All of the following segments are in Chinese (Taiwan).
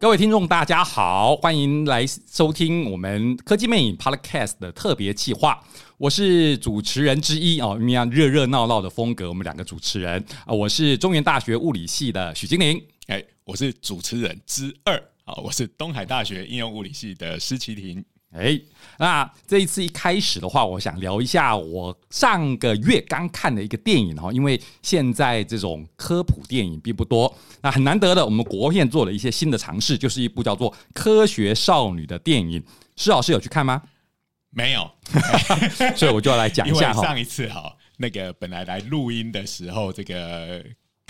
各位聽眾，大家好，歡迎來收聽我們《科技魅癮》Podcast 的特別企劃。我是主持人之一哦，這樣熱熱鬧鬧的風格，我們兩個主持人啊，我是中原大學物理系的許經夌，誒、hey，我是主持人之二啊，我是東海大學應用物理系的施奇廷。哎、欸，那這一次一開始的話，我想聊一下我上個月剛看的一個電影哈，因為現在這種科普電影並不多，那很難得的，我們國片做了一些新的嘗試，就是一部叫做《科學少女》的電影。施老師有去看嗎？沒有，欸、 所以我就要來講一下 上一次哈，那個本來來錄音的時候，這個。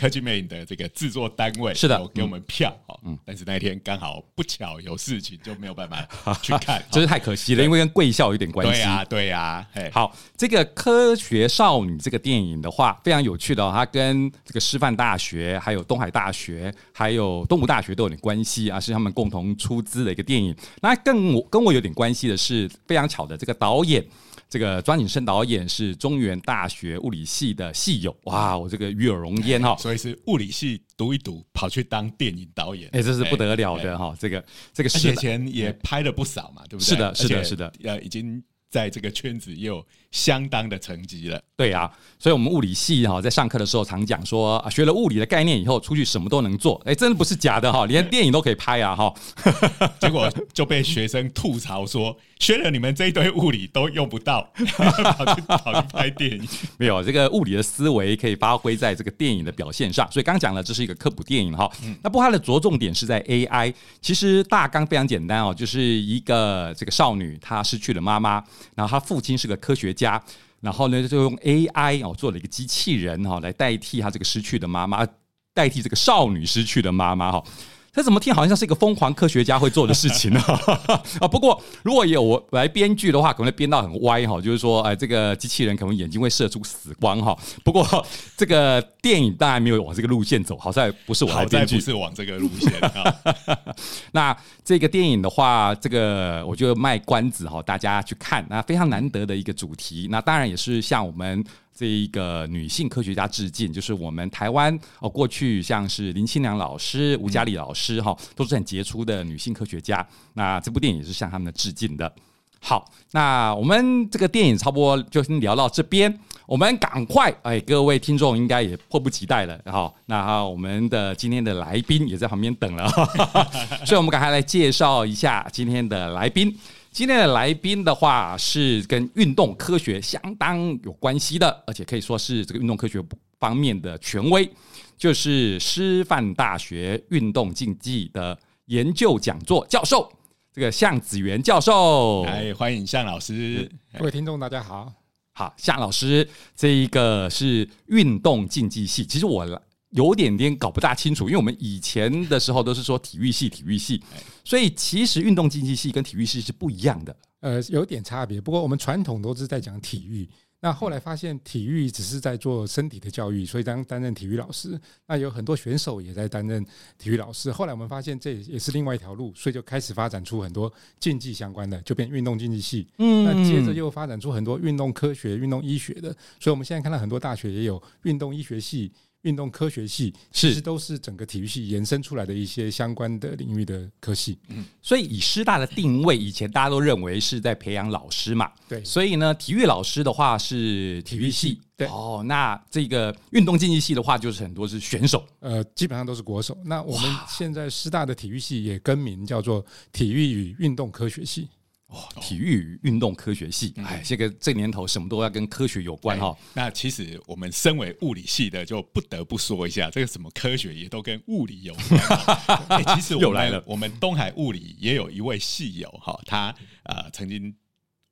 科技魅癮的這個製作單位是的，給我們票，但是那一天剛好不巧有事情，就沒有辦法去看， 真是太可惜了，因為跟貴校有點關係。對呀，對呀。好，這個《科學少女》這個電影的話，非常有趣的，它跟這個師範大學、還有東海大學、還有東吳大學都有點關係啊，是他們共同出資的一個電影。那更跟我，跟我有點關係的是，非常巧的這個導演。這個莊景生導演是中原大學物理系的系友。哇，我這個與有榮焉、欸、所以是物理系讀一讀跑去當電影導演，哎，這是不得了的哈、欸欸，欸、這個這個是，而且以前也拍了不少嘛，對不對、欸？是的，是的，是的，呃，已經在這個圈子也有。相當的成績了，對啊，所以我們物理系哈，在上課的時候常講說，學了物理的概念以後，出去什麼都能做，哎，真的不是假的哈，連電影都可以拍啊哈，結果就被學生吐槽說，學了你們這一堆物理都用不到，跑去跑去拍電影，沒有這個物理的思維可以發揮在這個電影的表現上，所以剛講了這是一個科普電影哈，那不過它的着重點是在 AI，其實大綱非常簡單哦，就是一個這個少女她失去了媽媽，然後她父親是個科學。家，然後呢，就用 AI 哦，做了一個機器人哈，來代替他這個失去的媽媽，代替這個少女失去的媽媽哈。他怎麼聽好像是一個瘋狂科學家會做的事情呢？啊，不過如果有我來編劇的話，可能會編到很歪哈，就是說，哎，這個機器人可能眼睛會射出死光哈。不過這個電影當然沒有往這個路線走，好像也不是我來編劇，不是往這個路線。 那這個電影的話，這個我就賣關子哈，大家去看。那非常難得的一個主題，那當然也是像我們。這一個女性科學家致敬，就是我們台灣哦，過去像是林清良老師、吳佳麗老師，哈、哦，都是很傑出的女性科學家。那這部電影也是向他們致敬的。好，那我們這個電影差不多就先聊到這邊，我們趕快，哎，各位聽眾應該也迫不及待了，然、哦、後那我們的今天的來賓也在旁邊等了哈哈，所以我們趕快來介紹一下今天的來賓。今天的來賓的話是跟運動科學相當有關係的，而且可以說是這個運動科學方面的權威，就是師範大學運動競技的研究講座教授，這個相子元教授。來，歡迎相老師。各位聽眾，大家好。好，相老師，這一個是運動競技系。其實我有點點搞不大清楚，因為我們以前的時候都是說體育系、體育系，所以其實運動競技系跟體育系是不一樣的。呃，有點差別。不過我們傳統都是在講體育，那後來發現體育只是在做身體的教育，所以當擔任體育老師，那有很多選手也在擔任體育老師。後來我們發現這也是另外一條路，所以就開始發展出很多競技相關的，就變運動競技系。嗯，那接着又發展出很多運動科學、運動醫學的，所以我們現在看到很多大學也有運動醫學系。運動科學系其實都是整個體育系延伸出來的一些相關的領域的科系，嗯，所以以師大的定位，以前大家都認為是在培養老師嘛，對，所以呢，體育老師的話是體育系，育系，對，哦，那這個運動競技系的話，就是很多是選手，呃，基本上都是國手。那我們現在師大的體育系也更名叫做體育與運動科學系。哦哦、體育與運動科學系，哎，這個這年頭什麼都要跟科學有關哈、哎哦哎。那其實我們身為物理系的，就不得不說一下，這個什麼科學也都跟物理有關。 哎，其實我們來了我們東海物理也有一位系友哈、哦，他、呃、曾經，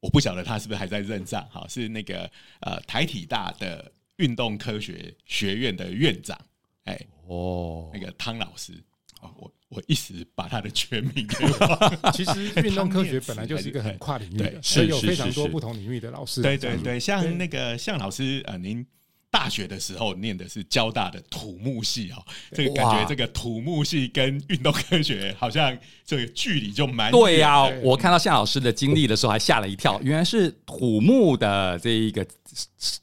我不曉得他是不是還在任上哈、哦，是那個呃台體大的運動科學學院的院長，哎哦，那個湯老師。啊，我我一直把他的全名給忘了。 其實運 動科學本來就是一個很跨領域的，是有非常多不同領域的老師對。對對對，對，像那個相老師啊，呃，您大學的時候念的是交大的土木系啊，喔，這個感覺這個土木系跟運動科學好像這個距離就蠻遠。對呀，啊，我看到相老師的經歷的時候還嚇了一跳，原來是土木的這一個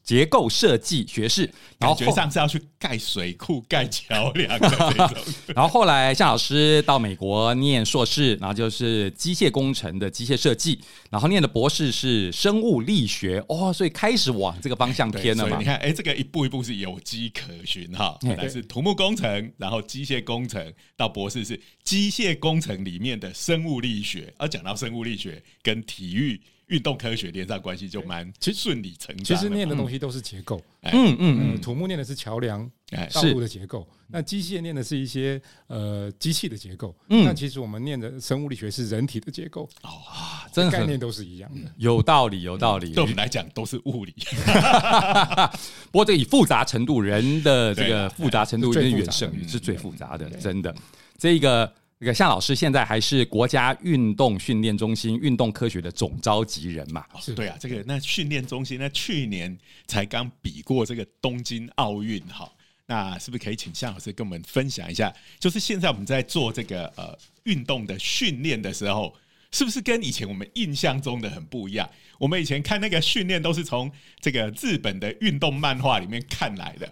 結構設計學士，然後學士是要去蓋水庫、蓋橋樑的那種。然後後來相老師到美國念碩士，然後就是機械工程的機械設計。然後念的博士是生物力學哦，所以開始往這個方向偏了。你看，哎，這個一步一步是有跡可循哈。原來是土木工程，然後機械工程到博士是機械工程裡面的生物力學。而講到生物力學跟體育。運動科學連上關係就蠻，其實順理成章。其實念的東西都是結構，欸、嗯嗯嗯、呃，土木念的是橋梁、欸、道路的結構，那機械念的是一些呃機器的結構，嗯，那其實我們念的生物力學是人體的結構，哦、嗯、真概念都是一樣的,的，有道理，有道理，嗯、對我們來講都是物理，對 不過這以複雜程度，人的這個複雜程度是最遠勝，是最複雜的，的雜的真的，這個。那個相老師現在還是國家運動訓練中心運動科學的總召集人嘛，是、哦？是，對啊，這個那訓練中心那去年才剛比過這個東京奧運哈，那是不是可以請相老師跟我們分享一下？就是現在我們在做這個呃運動的訓練的時候。是不是跟以前我們印象中的很不一樣？我們以前看那個訓練都是從這個日本的運動漫畫裡面看來的，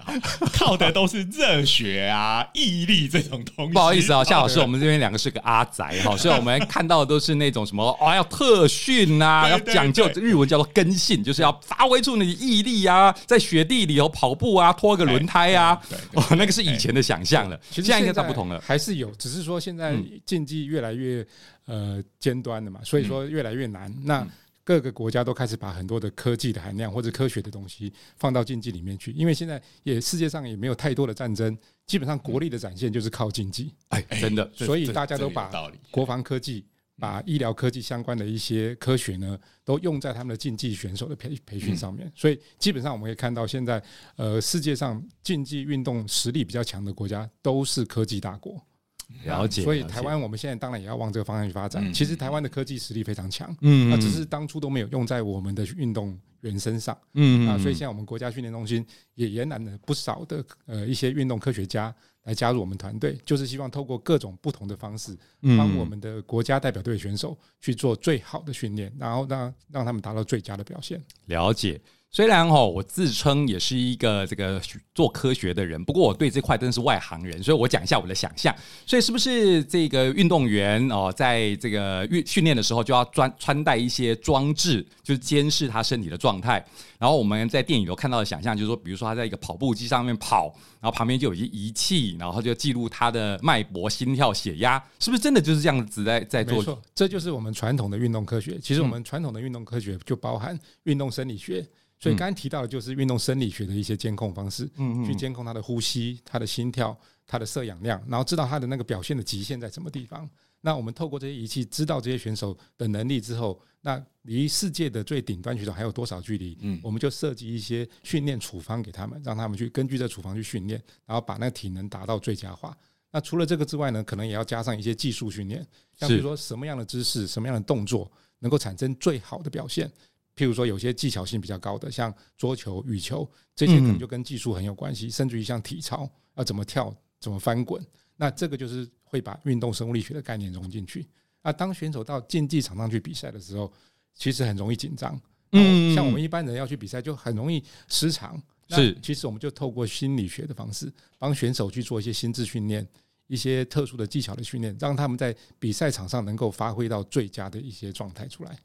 靠的都是熱血啊、毅力這種東西。 不好意思啊，相老師，我們這邊兩個是個阿宅哈，所以我們看到的都是那種什麼啊、哦、要特訓啊，對對對對，要講究日文叫做“根性”，就是要發揮出你的毅力啊，在雪地裡頭跑步啊，拖個輪胎啊，對對對對對對哦，那個是以前的想象了，現在應該大不同了，還是有，只是說現在競技越來越。呃，尖端的嘛，所以說越來越難，嗯。那各個國家都開始把很多的科技的含量或者科學的東西放到競技裡面去，因為現在也世界上也沒有太多的戰爭，基本上國力的展現就是靠競技。哎，真的，所以大家都把國防科技、把醫療科技相關的一些科學呢，都用在他們的競技選手的培培訓上面。所以基本上我們也看到，現在呃，世界上競技運動實力比較強的國家都是科技大國。了解，啊，所以台灣我們現在當然也要往這個方向去發展。嗯，其實台灣的科技實力非常強，嗯，嗯，只是當初都沒有用在我們的運動員身上，嗯，嗯，嗯啊，所以現在我們國家訓練中心也延攬了不少的呃一些運動科學家來加入我們團隊，就是希望透過各種不同的方式，幫我們的國家代表隊選手去做最好的訓練，然後讓讓他們達到最佳的表現。了解。雖然哦，我自稱也是一個這個做科學的人，不過我對這塊真是外行人，所以我講一下我的想象。所以是不是這個運動員哦，在這個運訓練的時候就要穿穿戴一些裝置，就是監視他身體的狀態？然後我們在電影裡看到的想象，就是說，比如說他在一個跑步機上面跑，然後旁邊就有一些儀器，然後就記錄他的脈搏、心跳、血壓，是不是真的就是這樣子在在做？沒錯，這就是我們傳統的運動科學。其實我們傳統的運動科學就包含運動生理學。所以剛剛提到的就是運動生理學的一些監控方式，去監控他的呼吸、他的心跳、他的攝氧量，然後知道他的那個表現的極限在什麼地方。那我們透過這些儀器知道這些選手的能力之後，那離世界的最頂端選手還有多少距離？嗯，我們就設計一些訓練處方給他們，讓他們去根據這處方去訓練，然後把那個體能達到最佳化。那除了這個之外呢，可能也要加上一些技術訓練，像比如說什麼樣的姿勢、什麼樣的動作能夠產生最好的表現。譬如說，有些技巧性比較高的，像桌球、羽球這些，可能就跟技術很有關係。甚至於像體操，要怎麼跳、怎麼翻滾，那這個就是會把運動生物力學的概念融進去。那當選手到競技場上去比賽的時候，其實很容易緊張。嗯，像我們一般人要去比賽，就很容易失常。是，那其實我們就透過心理學的方式，幫選手去做一些心智訓練、一些特殊的技巧的訓練，讓他們在比賽場上能夠發揮到最佳的一些狀態出來。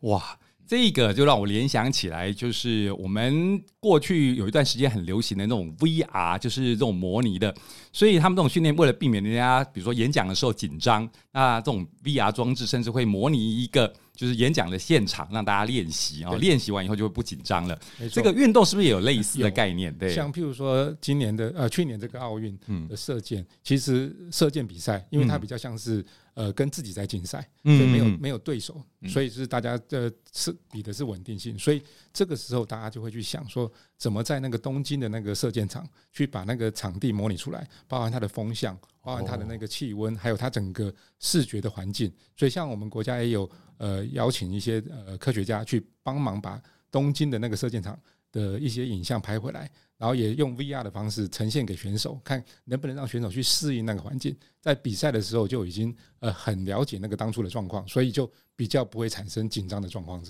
哇！這個就讓我聯想起來，就是我們過去有一段時間很流行的那種 VR，就是這種模擬的。所以他們這種訓練，為了避免人家比如說演講的時候緊張，那這種 VR 裝置甚至會模擬一個。就是演講的現場，讓大家練習哦，練習完以後就會不緊張了。這個運動是不是也有類似的概念？對、呃，像譬如說今年的呃，去年這個奧運的射箭、嗯，其實射箭比賽，因為它比較像是、嗯、呃跟自己在競賽，所以沒有、嗯、沒有對手，所以是大家的是比的是穩定性，所以這個時候大家就會去想說怎麼在那個東京的那個射箭場去把那個場地模擬出來？包含它的風向，包含它的那個氣溫，還有它整個視覺的環境。所以，像我們國家也有呃邀請一些呃科學家去幫忙把東京的那個射箭場的一些影像拍回來，然後也用 VR 的方式呈現給選手，看能不能讓選手去適應那個環境。在比賽的時候就已經呃很了解那個當初的狀況，所以就比較不會產生緊張的狀況。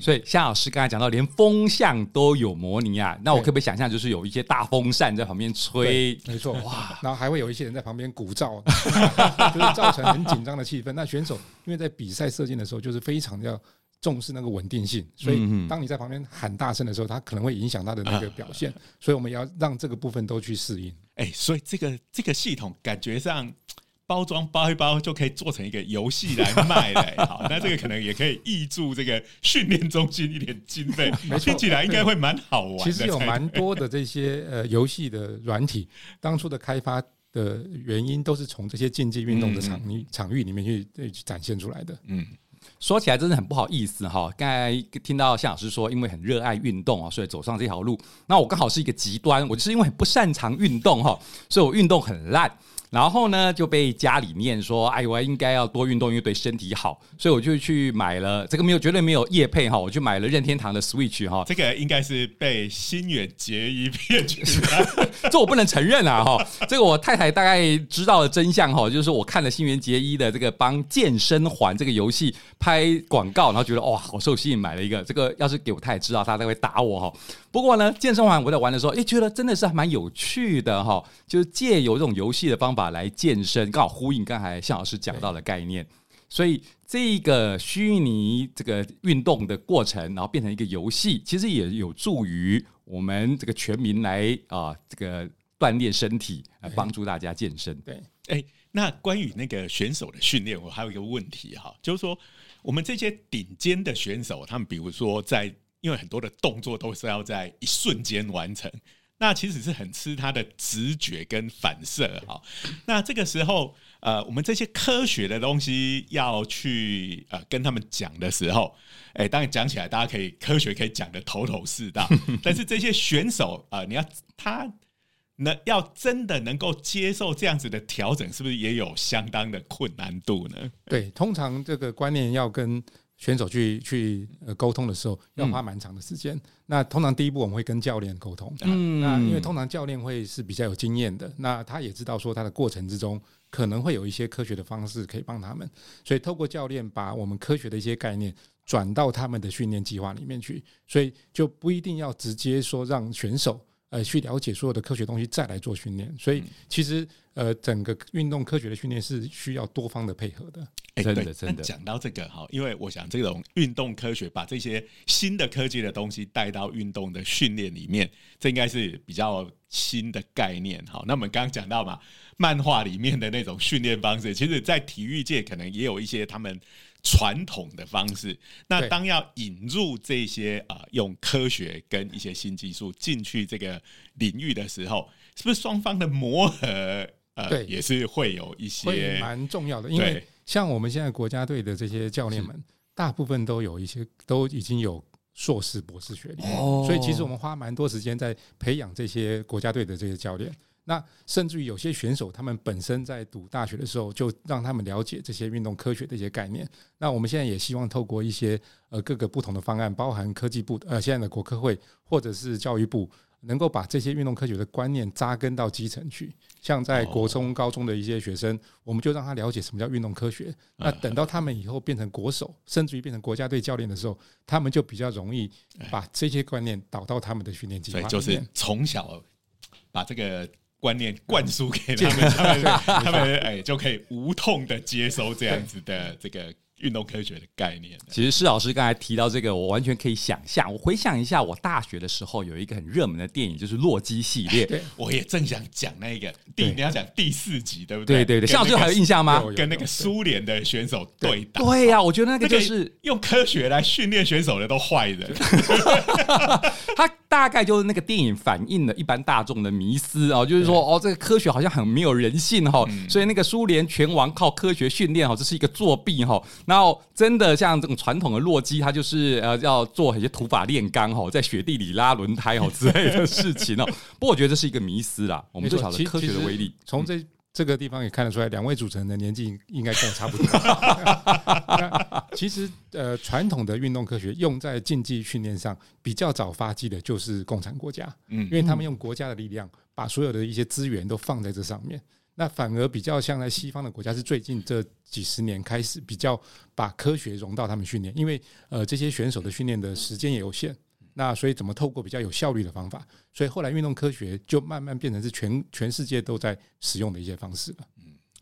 所以相老師剛才講到，連風向都有模擬啊。那我可不可以想象，就是有一些大風扇在旁邊吹？沒錯，哇，然後還會有一些人在旁邊鼓噪， 就是造成很緊張的氣氛，那選手因為在比賽射箭的時候，就是非常要重視那個穩定性，所以當你在旁邊喊大聲的時候，他可能會影響他的那個表現。嗯、所以我們要讓這個部分都去適應。哎、欸，所以這個這個系統感覺上。.包裝包一包就可以做成一個遊戲來賣嘞、欸， 好，那這個可能也可以挹注這個訓練中心一點經費，聽起來應該會蠻好玩。其實有蠻多的這些呃遊戲的軟體，當初的開發的原因都是從這些競技運動的場域場域裡面去呃展現出來的。嗯，嗯，說起來真的很不好意思哈，剛才聽到相老師說，因為很熱愛運動啊，所以走上這條路。那我剛好是一個極端，我就是因為很不擅長運動哈，所以我運動很爛。然後呢，就被家裡面說：“哎呦，我應該要多運動，因為對身體好。”所以我就去買了，這個沒有絕對沒有業配哈，我去買了任天堂的 Switch 哈。這個應該是被新垣結衣騙去的， 這我不能承認啊哈。 這個我太太大概知道的真相哈，就是我看了新垣結衣的這個幫健身環這個遊戲拍廣告，然後覺得哇，好受吸引，買了一個。這個要是給我太太知道，她才會打我哈。不過呢，健身完我在玩的時候，哎、欸，覺得真的是還蠻有趣的哈、哦。就是借由這種遊戲的方法來健身，剛好呼應剛才相老師講到的概念。所以這個虛擬這個運動的過程，然後變成一個遊戲，其實也有助於我們這個全民來啊、呃、這個鍛鍊身體，幫助大家健身。對，哎、欸，那關於那個選手的訓練，我還有一個問題哈、哦，就是說我們這些頂尖的選手，他們比如說在。因為很多的動作都是要在一瞬間完成，那其實是很吃他的直覺跟反射哈。那這個時候，呃，我們這些科學的東西要去呃跟他們講的時候，誒、欸，當然講起來大家可以科學可以講得頭頭是道， 但是這些選手啊、呃，你要他能要真的能夠接受這樣子的調整，是不是也有相當的困難度呢？對，通常這個觀念要跟。選手去去呃溝通的時候，要花蠻長的時間。嗯、那通常第一步我們會跟教練溝通、嗯，那因為通常教練會是比較有經驗的，那他也知道說他的過程之中可能會有一些科學的方式可以幫他們，所以透過教練把我們科學的一些概念轉到他們的訓練計劃裡面去，所以就不一定要直接說讓選手呃去了解所有的科學東西再來做訓練。所以其實呃整個運動科學的訓練是需要多方的配合的。哎、欸，對，真的。但講到這個哈，因為我想這種運動科學把這些新的科技的東西帶到運動的訓練裡面，這應該是比較新的概念哈。那我們剛剛講到嘛，漫畫裡面的那種訓練方式，其實，在體育界可能也有一些他們傳統的方式。那當要引入這些啊、呃，用科學跟一些新技術進去這個領域的時候，是不是雙方的磨合，呃，對，也是會有一些蠻重要的，對，因為。像我們現在國家隊的這些教練們，大部分都有一些都已經有碩士、博士學歷。哦。所以其實我們花蠻多時間在培養這些國家隊的這些教練。那甚至於有些選手，他們本身在讀大學的時候，就讓他們了解這些運動科學的一些概念。那我們現在也希望透過一些呃各個不同的方案，包含科技部呃現在的國科會或者是教育部。能夠把這些運動科學的觀念紮根到基層去，像在國中、高中的一些學生，我們就讓他了解什麼叫運動科學。那等到他們以後變成國手，甚至於變成國家隊教練的時候，他們就比較容易把這些觀念導到他們的訓練計劃。對，就是從小把這個觀念灌輸給他們，他們，他們， 他們，他們、哎、就可以無痛的接收這樣子的這個。運動科學的概念，其實施老師剛才提到這個，我完全可以想象。我回想一下，我大學的時候有一個很熱門的電影，就是《洛基》系列。我也正想講那個第，你要講第四集，對不對？對對對，對，施老師還有印象嗎？跟那個蘇聯的選手對打，對呀、啊，我覺得那個就是個用科學來訓練選手的都壞人。他大概就是那個電影反映了一般大眾的迷思哦，就是說哦，這個科學好像很沒有人性哦，所以那個蘇聯拳王靠科學訓練哦，這是一個作弊哈、哦。然後，真的像這種傳統的洛基，他就是呃，要做一些土法煉鋼在雪地裡拉輪胎哦之類的事情哦。 不過我覺得這是一個迷思啦，我們最曉得科學的威力，從這、嗯、這個地方也看得出來，兩位主持人的年紀應該跟我差不多、 嗯嗯。其實，呃，傳統的運動科學用在競技訓練上，比較早發跡的就是共產國家、嗯，因為他們用國家的力量把所有的一些資源都放在這上面。那反而比較像在西方的國家，是最近這幾十年開始比較把科學融到他們訓練，因為呃這些選手的訓練的時間也有限，那所以怎麼透過比較有效率的方法？所以後來運動科學就慢慢變成是全全世界都在使用的一些方式了。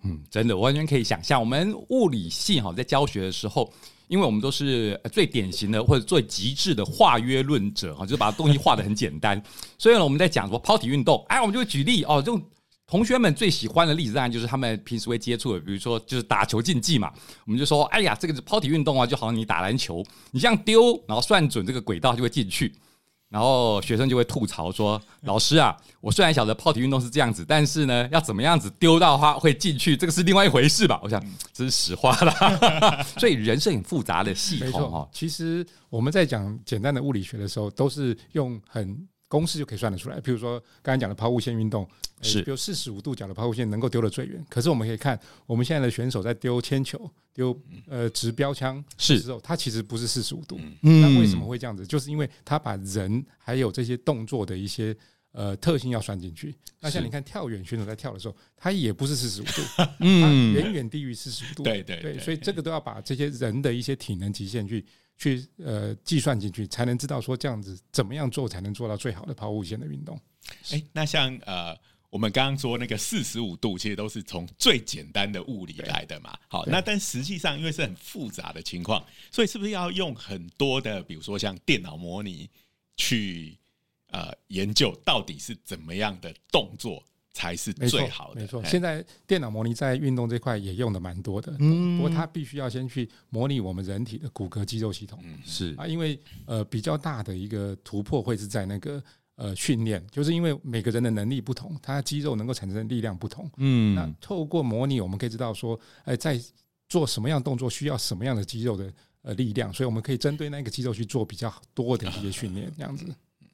嗯，真的，我完全可以想象，我們物理系哈在教學的時候，因為我們都是最典型的或者最極致的化約論者哈，就是把東西化得很簡單， 所以呢，我們在講什麼拋體運動，哎，我們就舉例哦這種同學們最喜歡的例子當然就是他們平時會接觸的，比如說就是打球競技嘛，我們就說，哎呀，這個拋體運動啊，就好像你打籃球，你這樣丟，然後算準這個軌道就會進去，然後學生就會吐槽說，老師啊，我雖然曉得拋體運動是這樣子，但是呢，要怎麼樣子丟到的話會進去，這個是另外一回事吧？我想這是實話了、嗯， 所以人是很複雜的系統哈、哦。其實我們在講簡單的物理學的時候，都是用很。公式就可以算得出來，如欸、比如說剛才講的拋物線運動，是比如四十五度角的拋物線能夠丟得最遠。可是我們可以看，我們現在的選手在丟鉛球、丟呃擲標槍的時候是，他其實不是四十五度、嗯。那為什麼會這樣子？就是因為他把人還有這些動作的一些呃特性要算進去。那像你看跳遠選手在跳的時候，他也不是四十五度，遠遠低於四十五度、嗯。對對對，對，所以這個都要把這些人的一些體能極限去。去呃計算進去，才能知道說這樣子怎麼樣做才能做到最好的拋物線的運動。哎、欸，那像呃我們剛剛說那個四十五度，其實都是從最簡單的物理來的嘛。好，那但實際上因為是很複雜的情況，所以是不是要用很多的，比如說像電腦模擬去呃研究到底是怎麼樣的動作？才是最好的。沒錯，沒錯，現在電腦模擬在運動這塊也用的蠻多的。嗯，不過它必須要先去模擬我們人體的骨骼肌肉系統。嗯，是啊，因為呃比較大的一個突破會是在那個呃訓練，就是因為每個人的能力不同，他的肌肉能夠產生的力量不同。嗯，那透過模擬，我們可以知道說，哎，呃，在做什麼樣動作需要什麼樣的肌肉的呃力量，所以我們可以針對那個肌肉去做比較多的一些訓練，這樣子。嗯，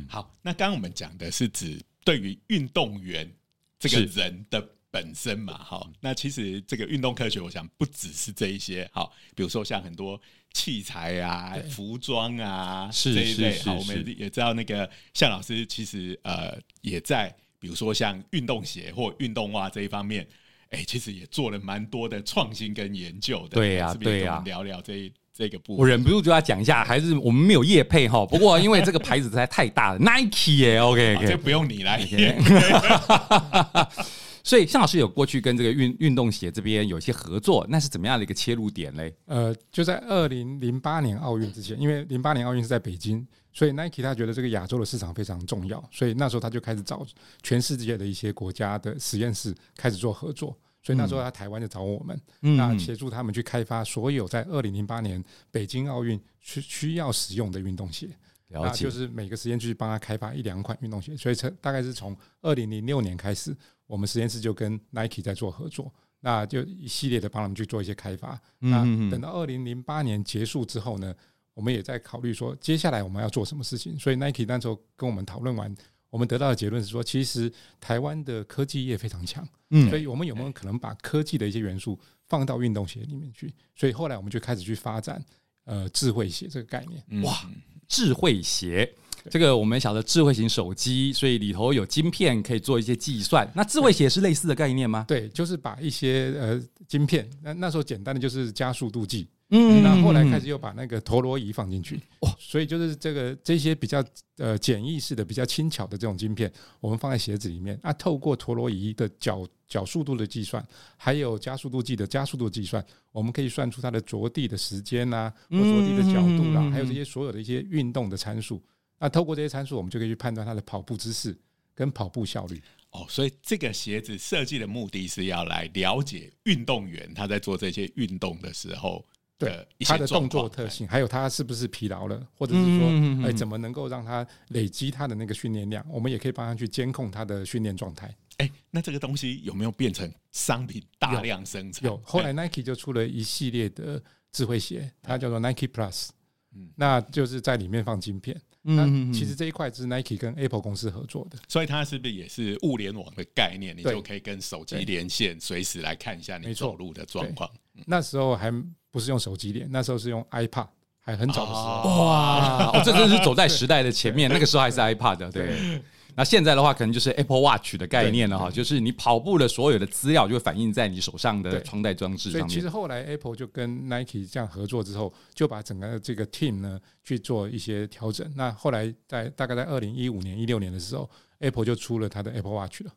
嗯，好，那剛剛我們講的是指。對於運動員這個人的本身嘛，好，那其實這個運動科學，我想不只是這一些，好，比如說像很多器材啊、服裝啊這一類，好，我們也知道那個相老師其實呃也在，比如說像運動鞋或運動襪這一方面，哎，其實也做了蠻多的創新跟研究的，對呀，對呀，跟我們聊聊這一。這個部分，我忍不住就要講一下，還是我們沒有業配哈。不過因為這個牌子實在太大了，Nike 也 OK OK，, okay 就不用你來、okay。Okay okay、 所以相老師有過去跟這個運運動鞋這邊有一些合作，那是怎麼樣的一個切入點嘞？呃，就在二零零八年奧運之前，因為零八年奧運是在北京，所以 Nike 他覺得這個亞洲的市場非常重要，所以那時候他就開始找全世界的一些國家的實驗室開始做合作。所以那時候他台灣就找我們，嗯、那協助他們去開發所有在二零零八年北京奧運需需要使用的運動鞋，那就是每個時間去幫他開發一兩款運動鞋。所以大概是從二零零六年開始，我們實驗室就跟 Nike 在做合作，那就一系列的幫他們去做一些開發。嗯嗯嗯那等到二零零八年結束之後呢，我們也在考慮說接下來我們要做什麼事情。所以 Nike 那時候跟我們討論完。我們得到的結論是說，其實台灣的科技業非常強，嗯，所以我們有沒有可能把科技的一些元素放到運動鞋裡面去？所以後來我們就開始去發展呃智慧鞋，這個概念。嗯、哇，智慧鞋，這個我們曉得智慧型手機，所以裡頭有晶片可以做一些計算。那智慧鞋是類似的概念嗎？對，對，就是把一些呃晶片，那那時候簡單的就是加速度計。嗯，那後來開始又把那個陀螺儀放進去，嗯，哦。所以就是這個這些比較呃簡易式的，比較輕巧的這種晶片，我們放在鞋子裡面啊。透過陀螺儀的角角速度的計算，還有加速度計的加速度計算，我們可以算出它的着地的時間啊，或着地的角度啊，還有這些所有的一些運動的參數。那透過這些參數，我們就可以去判斷它的跑步姿勢跟跑步效率。哦，所以這個鞋子設計的目的是要來了解運動員他在做這些運動的時候。對它的動作特性，還有它是不是疲勞了，或者是說，哎、嗯嗯欸，怎麼能夠讓它累積它的那個訓練量？我們也可以幫它去監控它的訓練狀態。誒、欸，那這個東西有沒有變成商品大量生產？有，有，後來 Nike 就出了一系列的智慧鞋，它叫做 Nike Plus，嗯，那就是在裡面放晶片。嗯，那其實這一塊是 Nike 跟 Apple 公司合作的，所以它是不是也是物聯網的概念？你就可以跟手機連線，隨時來看一下你走路的狀況。那時候還。不是用手機連，那時候是用 iPod，還很早的時候。啊、哇，我、哦、這真是走在時代的前面。那個時候還是 iPod，對，對。那現在的話，可能就是 Apple Watch 的概念了哈，就是你跑步的所有的資料就會反映在你手上的穿戴裝置上面。所以其實後來 Apple 就跟 Nike 這樣合作之後，就把整個這個 team 呢去做一些調整。那後來在大概在二零一五年、一六年的時候，Apple 就出了它的 Apple Watch 了。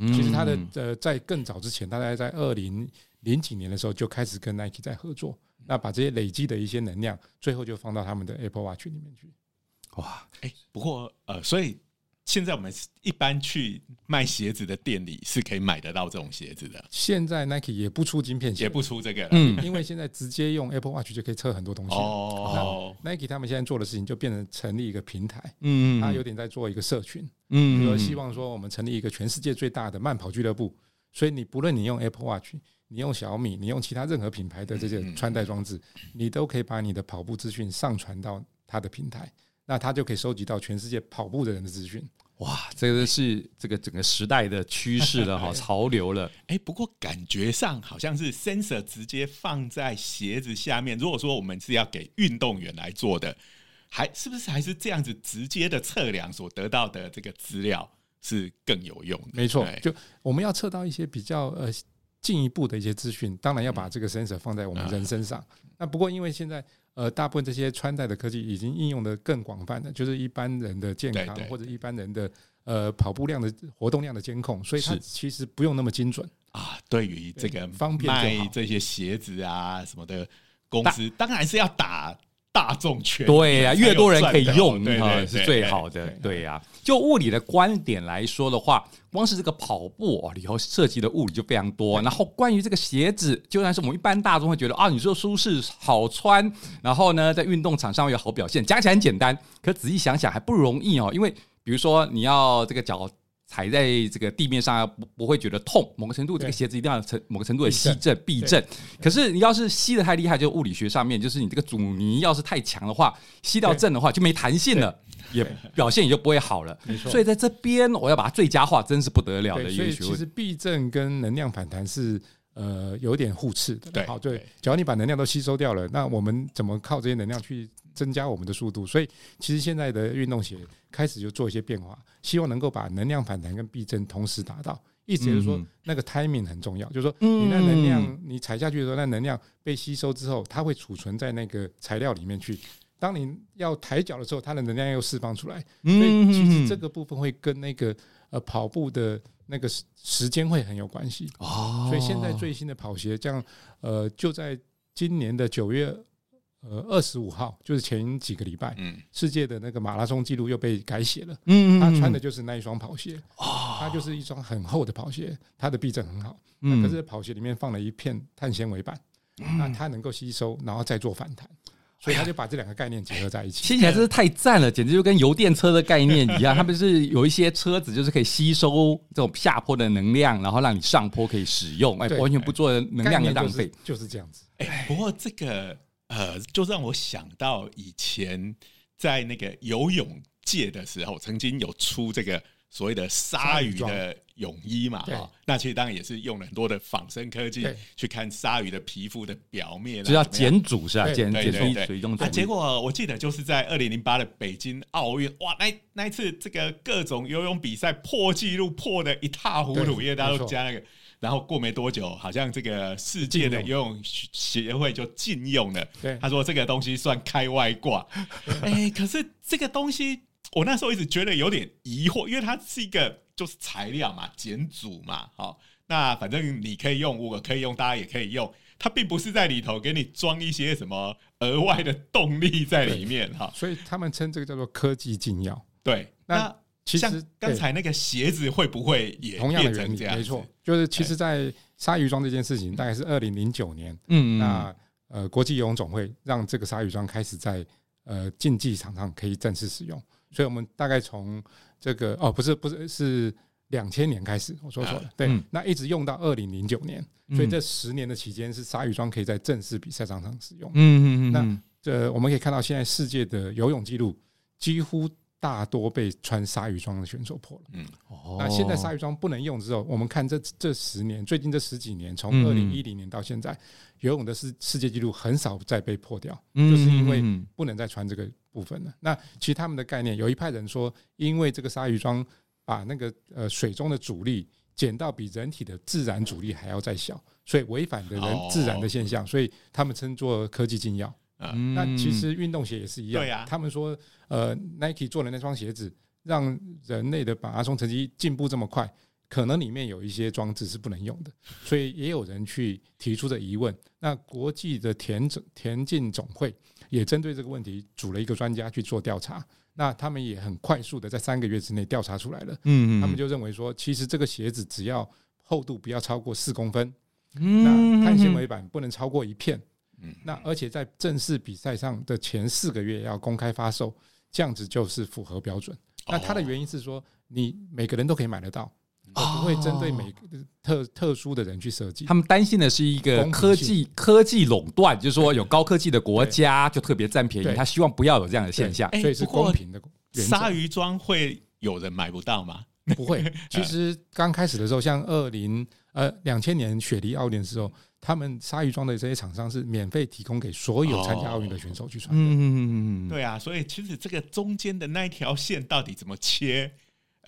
嗯、其實它的呃在更早之前，大概在二零。零幾年的時候就開始跟 Nike 在合作，那把這些累積的一些能量，最後就放到他們的 Apple Watch 裡面去。哇，哎、欸，不過呃，所以現在我們一般去賣鞋子的店裡是可以買得到這種鞋子的。現在 Nike 也不出晶片鞋，也不出這個了、嗯，因為現在直接用 Apple Watch 就可以測很多東西。哦好，Nike 他們現在做的事情就變成成,成立一個平台，嗯他有點在做一個社群，嗯，比如說希望說我們成立一個全世界最大的慢跑俱樂部，所以你不論你用 Apple Watch。你用小米，你用其他任何品牌的這些穿戴裝置、嗯嗯嗯，你都可以把你的跑步資訊上傳到它的平台，那它就可以收集到全世界跑步的人的資訊。哇，這個是這個整個時代的趨勢了哈，好潮流了。 哎，不過感覺上好像是 sensor 直接放在鞋子下面。如果說我們是要給運動員來做的，還是不是還是這樣子直接的測量所得到的這個資料是更有用的？沒錯，就我們要測到一些比較呃。進一步的一些資訊，當然要把這個 sensor 放在我們人身上。嗯、那不過因為現在呃，大部分這些穿戴的科技已經應用得更廣泛了，就是一般人的健康對對對，或者一般人的呃跑步量的活動量的監控，所以它其實不用那麼精準啊。對於這個對，方便賣這些鞋子啊什麼的公司，當然是要打。大眾圈、哦、對呀，越多人可以用是最好的。對呀，啊、就物理的觀點來說的話，光是這個跑步哦，然後涉及的物理就非常多。然後關於這個鞋子，就算是我們一般大眾會覺得啊，你說舒適、好穿，然後呢，在運動場上有好表現，講起來很簡單。可仔細想想還不容易哦，因為比如說你要這個腳。踩在這個地面上不不會覺得痛，某個程度這個鞋子一定要成某個程度的吸震避震，可是你要是吸得太厲害，就物理學上面就是你這個阻尼要是太強的話，吸到震的話就沒彈性了，也表現也就不會好了。沒錯。所以在這邊我要把它最佳化，真是不得了的一個學問。所以其實避震跟能量反彈是呃有點互斥的。對，好，對。只要你把能量都吸收掉了，那我們怎麼靠這些能量去增加我們的速度，所以其實現在的運動鞋開始就做一些變化，希望能夠把能量反彈跟避震同時達到。意思就是說，那個 timing 很重要，就是說，你那能量你踩下去的時候，那能量被吸收之後，它會儲存在那個材料裡面去。當你要抬腳的時候，它的能量又釋放出來。所以其實這個部分會跟那個呃跑步的那個時間會很有關係。所以現在最新的跑鞋，這樣呃就在今年的九月。呃，二十五號就是前幾個禮拜，嗯，世界的那個馬拉松紀錄又被改寫了。嗯，他穿的就是那一雙跑鞋，它，哦、就是一雙很厚的跑鞋，它的避震很好。嗯、啊，可是跑鞋裡面放了一片碳纖維板，嗯、那它能夠吸收，然後再做反彈，嗯，所以他就把這兩個概念結合在一起，哎哎。聽起來真是太讚了，簡直就跟油電車的概念一樣。 他們是有一些車子就是可以吸收這種下坡的能量，然後讓你上坡可以使用，哎，完全不做能量的浪費，哎就是，就是這樣子。哎，不過這個。呃，就讓我想到以前在那個游泳界的時候，曾經有出這個所謂的鯊魚的泳衣嘛，哦，那其實當然也是用了很多的仿生科技去看鯊魚的皮膚的表面，就要減阻是吧？減減水動啊！結果我記得就是在二零零八的北京奧運，哇，那那一次這個各種游泳比賽破紀錄破的一塌糊塗，因為大家都加那個。然後過沒多久，好像這個世界的游泳協會就禁用了。對，他說這個東西算開外掛。哎， 可是這個東西，我那時候一直覺得有點疑惑，因為它是一個就是材料嘛，減阻嘛，好、哦，那反正你可以用，我可以用，大家也可以用。它並不是在裡頭給你裝一些什麼額外的動力在裡面哈。哦、所以他們稱這個叫做科技禁藥。對，那。那其實剛才那個鞋子，會不會也成這樣同樣的原理？沒錯，就是其實，在鯊魚裝這件事情，大概是二零零九年，嗯，嗯，嗯那，那呃，國際游泳總會讓這個鯊魚裝開始在呃競技場上可以正式使用，所以我們大概從這個哦，不是不是是兩千年開始，我說錯了，對，嗯、那一直用到二零零九年，所以這十年的期間是鯊魚裝可以在正式比賽場上使用。嗯嗯嗯，嗯。嗯、那這我們可以看到，現在世界的游泳記錄幾乎。大多被穿鯊魚裝的選手破了。嗯，那現在鯊魚裝不能用之後，我們看這這十年，最近這十幾年，從二零一零年到現在，游泳的世世界紀錄很少再被破掉，就是因為不能再穿這個部分了。那其實他們的概念，有一派人說，因為這個鯊魚裝把那個呃水中的阻力減到比人體的自然阻力還要再小，所以違反的人自然的現象，所以他們稱作科技禁藥。嗯，那其實運動鞋也是一樣，他們說，呃，Nike 做的那雙鞋子讓人類的馬拉松成績進步這麼快，可能裡面有一些裝置是不能用的，所以也有人去提出的疑問。那國際的田總田徑總會也針對這個問題組了一個專家去做調查，那他們也很快速的在三個月之內調查出來了。嗯，他們就認為說，其實這個鞋子只要厚度不要超過四公分，那碳纖維板不能超過一片。嗯，那而且在正式比賽上的前四個月要公開發售，這樣子就是符合標準。那它的原因是說，你每個人都可以買得到，不會針對每特特殊的人去設計。他們擔心的是一個科技科技壟斷，就是說有高科技的國家就特別佔便宜，他希望不要有這樣的現象，所以是公平的。欸，鯊魚裝會有人買不到嗎？不會。 其實剛開始的時候，像二零呃兩千年雪梨奧運的時候。他們鯊魚裝的這些廠商是免費提供給所有參加奧運的選手去穿的。哦嗯，對啊，所以其實這個中間的那一條線到底怎麼切？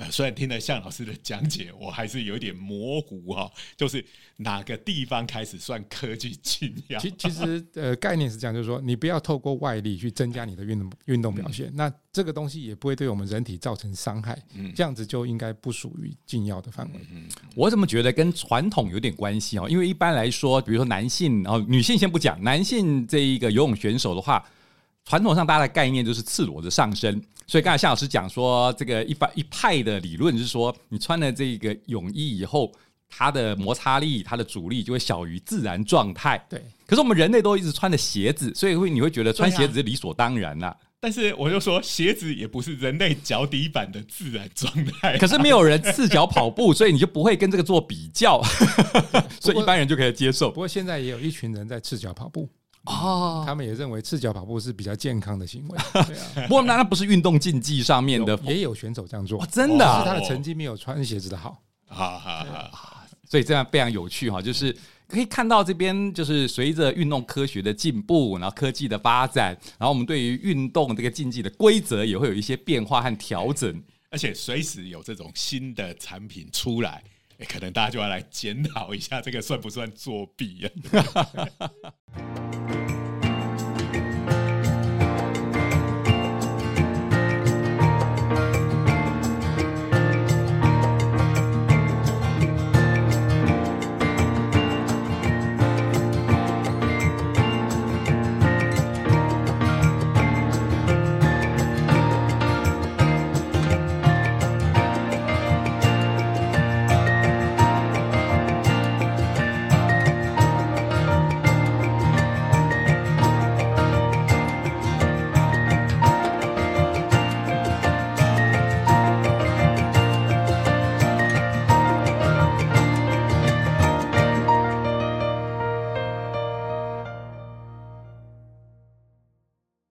呃，雖然聽了相老師的講解，我還是有點模糊哈、哦，就是哪個地方開始算科技禁藥？其其實，呃，概念是這樣，就是說，你不要透過外力去增加你的運動運動表現、嗯，那這個東西也不會對我們人體造成傷害，嗯，這樣子就應該不屬於禁藥的範圍。嗯，我怎麼覺得跟傳統有點關係哦？因為一般來說，比如說男性，然後女性先不講，男性這一個游泳選手的話。傳統上大家的概念就是赤裸的上身，所以剛才夏老師講說，這個一派一派的理論是說，你穿了這個泳衣以後，它的摩擦力、它的阻力就會小於自然狀態。對，可是我們人類都一直穿的鞋子，所以會你會覺得穿鞋子是理所當然啦。但是我就說，鞋子也不是人類腳底板的自然狀態，可是沒有人赤腳跑步，所以你就不會跟這個做比較，所以一般人就可以接受。不過現在也有一群人在赤腳跑步。哦，他們也認為赤腳跑步是比較健康的行為。對啊，不過那那不是運動競技上面的， 也有選手這樣做，真的，他的成績沒有穿鞋子的好。好好好，所以這樣非常有趣哈，就是可以看到這邊就是隨着運動科學的進步，然後科技的發展，然後我們對於運動這個競技的規則也會有一些變化和調整，而且隨時有這種新的產品出來，欸，可能大家就要來檢討一下這個算不算作弊啊。